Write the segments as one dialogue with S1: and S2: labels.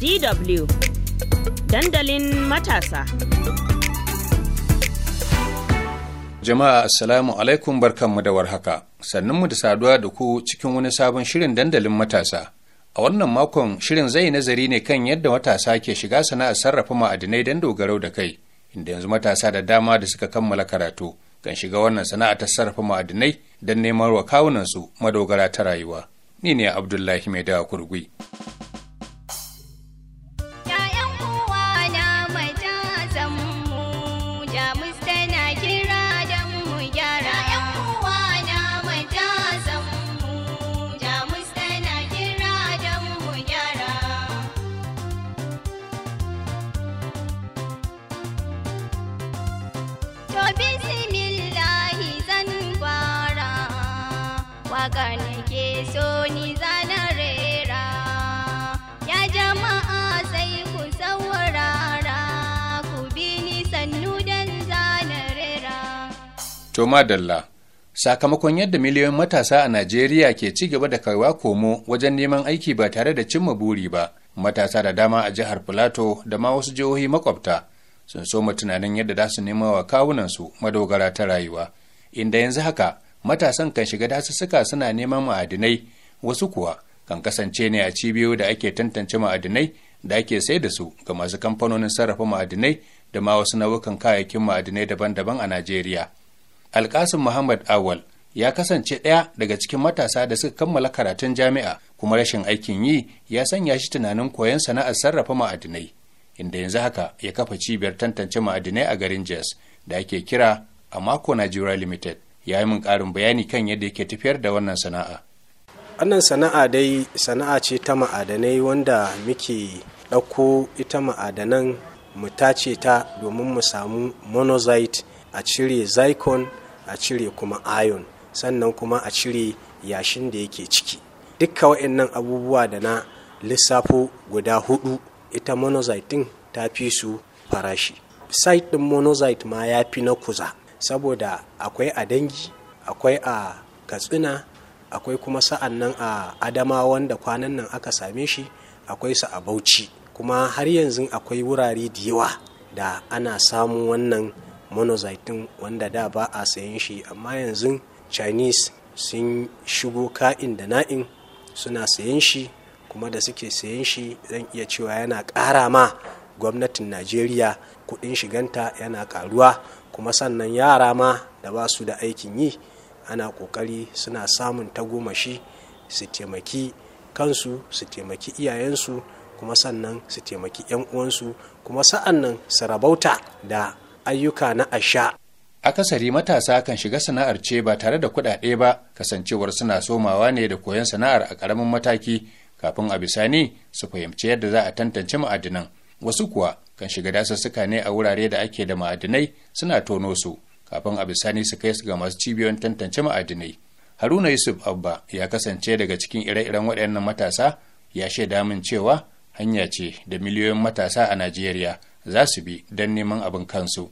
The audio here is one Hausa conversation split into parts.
S1: DW dandalin matasa.
S2: Jama'a Assalamu alaikum barkanmu da warhaka. Sannunmu da saduwa da ku cikin wani sabon shirin dandalin matasa. A wannan makon shirin zai nazari ne kan yadda matasa ke shiga sana'ar sarrafa ma'adinai don dogaro da kai, inda yanzu matasa da dama da suka kammala karatu kan shiga wannan sana'a ta sarrafa ma'adinai don neman wa kawunansu madogara ta rayuwa. Ni ne Abdullahi Mai da Kurgui.
S3: waka nake so ni zana rera ya jama'a sai ku saurara ku bi ni sannu dan zana rera
S2: to madalla sakamakon yadda miliyoyin matasa a Najeriya ke ci gaba da kaiwa komo wajen neman aiki ba tare da cimma buri ba matasa da dama a jihar Filato da ma wasu jihohi makwabta sun soma tunanin yadda za su nema wa kawunansu madogara ta rayuwa inda yanzu haka matasan kan shiga dasussuka suna neman ma'adinai wasu kuwa kan kasance ne a cibiyoyi da ake tantance ma'adinai da ake sai da su ga masu kamfanonin sarrafa ma'adinai da ma wasu nau'ukan kayayyakin ma'adinai daban-daban a Najeriya. Alkasim Muhammad Awal ya kasance ɗaya daga cikin matasa da suka kammala karatun jami'a kuma rashin aikin yi ya sanya shi tunanin koyon sana'ar sarrafa ma'adinai inda yanzu haka ya kafa cibiyar tantance ma'adinai a garin Jos da ake kira Amako Nigeria Limited. ya yi min ƙarin bayani kan yadda yake tafiyar da wannan sana'a wannan sana'a dai
S4: sana'a ce ta ma'adanai wanda muke ɗauko ita ma'adanan mu tace ta domin mu samu monazite a cire zircon a cire kuma iron sannan kuma a cire yashin da yake ciki dukka wa'annan abubuwa da na lissafo guda hudu ita din ta fi su farashi site ɗin monazite ma ya fi na kuza saboda akwai a dangi akwai a katsina akwai kuma sa'an nan a adama wanda kwanan nan aka same shi akwai su a bauchi kuma har yanzu akwai wurare da yawa da ana samun wannan monozaitin wanda da ba a sayan shi amma yanzu chinese sun shigo ka'in da na'in suna sayan shi kuma da suke sayan shi zan iya cewa yana ƙara ma gwamnatin najeriya kuɗin shiganta yana ƙaruwa kuma sannan yara ma da ba su da aikin yi ana ƙoƙari suna samun tagomashi su taimaki kansu su taimaki iyayensu kuma sannan su taimaki 'yan uwansu kuma sa'an
S2: nan su rabauta da ayyuka na asha akasari matasa kan shiga sana'ar ce ba tare da kuɗaɗe ba kasancewar suna somawa ne da koyon sana'ar a ƙaramin mataki kafin a bisani su fahimci yadda za a tantance ma'adinan wasu kuwa kan shiga dasussuka ne a wurare da ake da ma'adinai suna tono su kafin a bisani su kai su ga masu cibiyoyin tantance ma'adinai haruna yusuf abba ya kasance daga cikin ire-iren waɗannan matasa ya shaida min cewa hanya ce da miliyoyin matasa a najeriya za su bi don neman abin kansu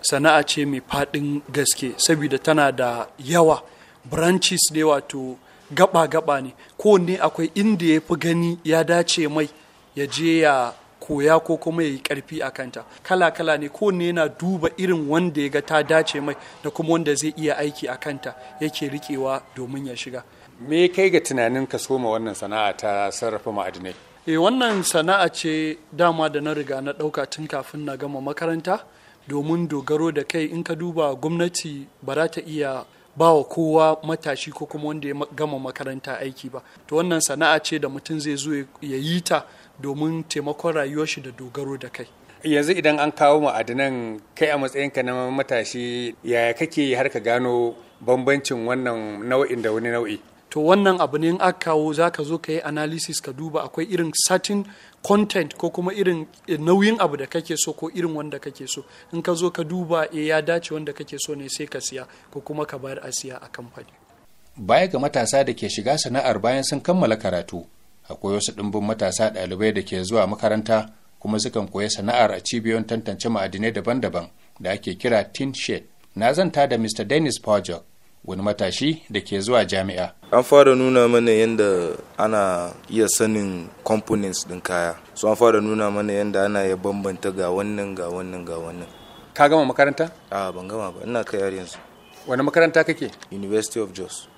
S5: sana'a ce mai faɗin gaske saboda tana da yawa branches ne wato gaba-gaba ne kowanne akwai inda ya fi gani ya dace mai ya je ya koya ko kuma ya yi karfi a kanta kala kala ne ko ne yana duba irin wanda ya ga ta dace mai da kuma wanda zai iya aiki a kanta yake rikewa domin ya shiga me kai ga tunanin ka soma wannan
S2: sana'a ta sarrafa ma'adinai
S5: e wannan sana'a ce dama da na riga na ɗauka tun kafin na gama makaranta domin dogaro da kai in ka duba gwamnati ba za ta iya ba wa kowa matashi ko kuma wanda ya gama makaranta aiki ba to wannan sana'a ce da mutum zai zo ya yi ta domin taimakon rayuwar shi da dogaro da kai
S2: yanzu idan an kawo ma'adinan kai a matsayinka na matashi yaya kake har ka gano
S5: bambancin wannan nau'in da wani nau'i to wannan abu ne in aka kawo za ka zo ka yi analysis ka duba akwai irin certain content ko kuma irin e, nauyin abu da kake so ko irin wanda kake so in ka zo ka duba e ya dace wanda kake so ne sai ka siya ko kuma ka bayar a siya a kamfani
S2: baya ga matasa da ke shiga sana'ar bayan sun kammala karatu akwai wasu ɗimbin matasa ɗalibai da ke zuwa makaranta kuma sukan koya sana'ar a cibiyoyin tantance ma'adinai daban-daban da ake kira tin shed na zanta da mr dennis pajok wani matashi da ke zuwa jami'a
S1: an fara nuna mana yadda ana
S2: iya sanin components ɗin kaya so an fara nuna mana yadda ana ya bambanta ga wannan ga wannan ga wannan ka gama makaranta a ban gama ba ina kai yanzu wani makaranta kake university of jos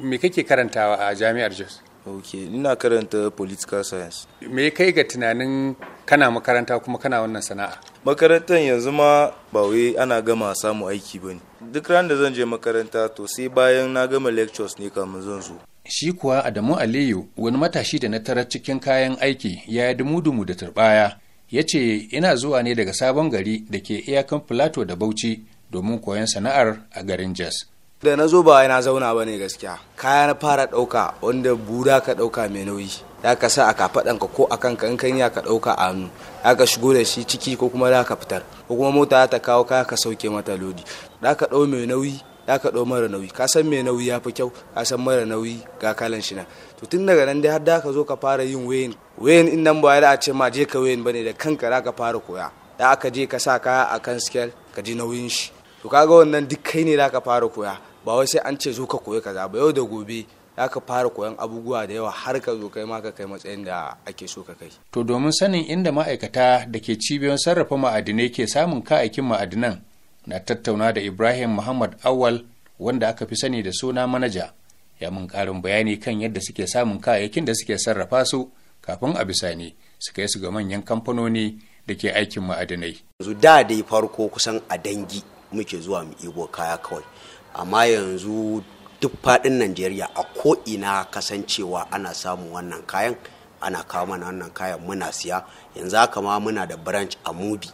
S2: me kake karantawa a jami'ar jos ok ina karanta political science me kai ga tunanin kana makaranta kuma kana wannan sana'a makarantar yanzu ma
S1: ba wai ana
S2: gama samu aiki ba ne duk ran da zan je
S1: makaranta to sai bayan na gama lectures ne kamun zan zo
S2: shi kuwa adamu aliyu wani matashi da na tara cikin kayan aiki ya yi dumu-dumu da turbaya ya ce ina zuwa ne daga sabon gari da ke iyakan plateau da bauchi domin koyon sana'ar a garin jazz da na zo ba na zauna ba ne gaskiya kaya na fara ɗauka wanda buda ka ɗauka mai
S1: nauyi da ka sa a kafaɗanka ko a kan kankanya ka ɗauka a hannu da ka shigo da shi ciki ko kuma da ka fitar ko kuma mota ta kawo kaya ka sauke mata lodi da ka ɗau mai nauyi da ka ɗau mara nauyi ka san mai nauyi yafi kyau ka san mara nauyi ga kalan shi na to tun daga nan dai har da ka zo ka fara yin wayin wayin in nan ba ya da a ce ma je ka wayin bane da kanka da ka fara koya da aka je ka sa kaya a kan scale ka ji nauyin shi to kaga wannan duk kai ne da ka fara koya ba wai sai an ce zo ka koyi kaza ba yau da gobe ya ka fara koyan abubuwa da yawa har ka zo kai ma ka kai matsayin da ake so ka kai.
S2: To domin sanin inda ma'aikata da ke cibiyar sarrafa ma'adinai ke samun kayayyakin ma'adinan na tattauna da Ibrahim Muhammad Awal wanda aka fi sani da suna manaja ya mun karin bayani kan yadda suke samun kayayyakin da suke sarrafa su kafin a ne su kai su ga manyan kamfanoni da ke aikin ma'adinai. Yanzu da dai farko kusan a dangi muke zuwa mu ibo kaya kawai
S1: amma yanzu duk faɗin najeriya a ko'ina kasancewa ana samun wannan kayan ana kawo mana wannan kayan muna siya yanzu haka ma muna da branch a mubi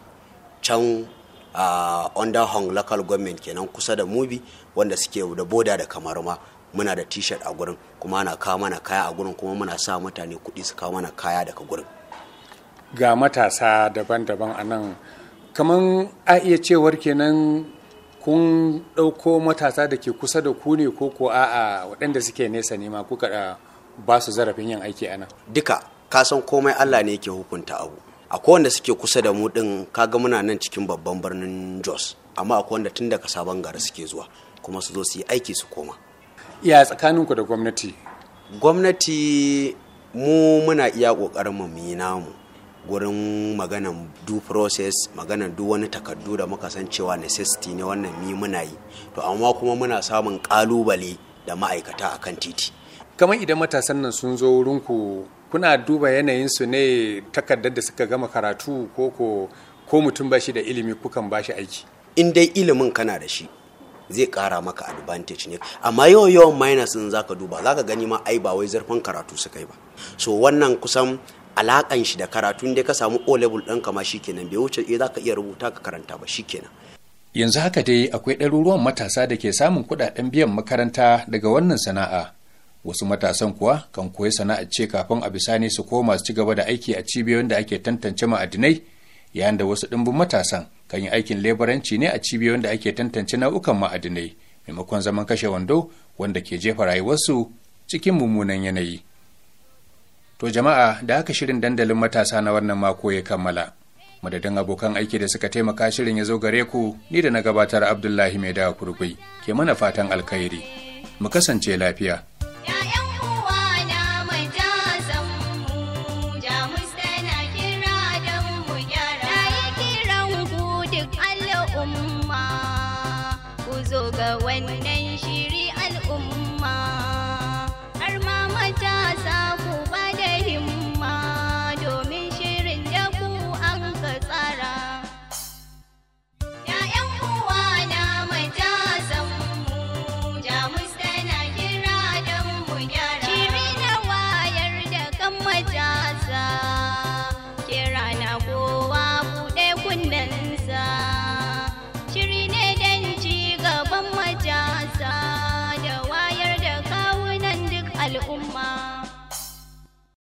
S1: can uh, under hong local government kenan kusa da mubi wanda suke da boda da kamar ma muna da t-shirt a gurin kuma ana kawo mana kaya a gurin kuma muna sa
S2: mutane kuɗi su kawo mana kaya daga gurin ga matasa daban-daban a nan kamar a iya cewar kenan kun ɗauko matasa da ke kusa da ku ne ko ko a'a waɗanda suke nesa ne ma kuka ah, ba su zarafin yin
S1: aiki a duka ka san komai allah ne yake hukunta abu akwai wanda suke kusa da mu din kaga muna nan cikin babban birnin jos amma akwai wanda tun daga sabon gari suke zuwa kuma su zo su yi aiki su koma iya tsakaninku da gwamnati gwamnati mu muna iya kokarin mu yi namu wurin maganan du process maganan duk wani takardu da muka san cewa necessity ne wannan mi muna yi to amma kuma muna
S2: samun kalubale da ma'aikata akan titi kamar idan matasan nan sun zo wurinku kuna duba yanayin su ne takardar da suka gama karatu ko ko ko mutum ba shi da ilimi kukan ba shi aiki in dai ilimin kana da shi zai kara maka
S1: advantage ne amma yawan yawan minus din zaka duba zaka gani ma ai ba wai zarfin karatu suka yi ba so wannan kusan alakan shi da karatu da ka samu o level ka ma shikenan bai wuce eh
S2: zaka iya rubuta ka karanta ba shikenan yanzu haka dai akwai ɗaruruwan matasa da ke samun kuɗaɗen biyan makaranta daga wannan sana'a wasu matasan kuwa kan koyi sana'ar ce kafin a bisani su koma su ci gaba da aiki a cibiyoyin da ake tantance ma'adinai yayin da wasu ɗimbin matasan kan yi aikin leburanci ne a cibiyoyin da ake tantance nau'ukan ma'adinai maimakon zaman kashe wando wanda ke jefa rayuwarsu cikin mummunan yanayi To jama'a da aka shirin dandalin matasa na wannan mako ya kammala. Madadin abokan aiki da suka taimaka shirin ya zo gare ku ni da na gabatar Abdullahi Mai Dawa Kurkui ke mana fatan alkhairi. Mu kasance lafiya.
S3: ga wannan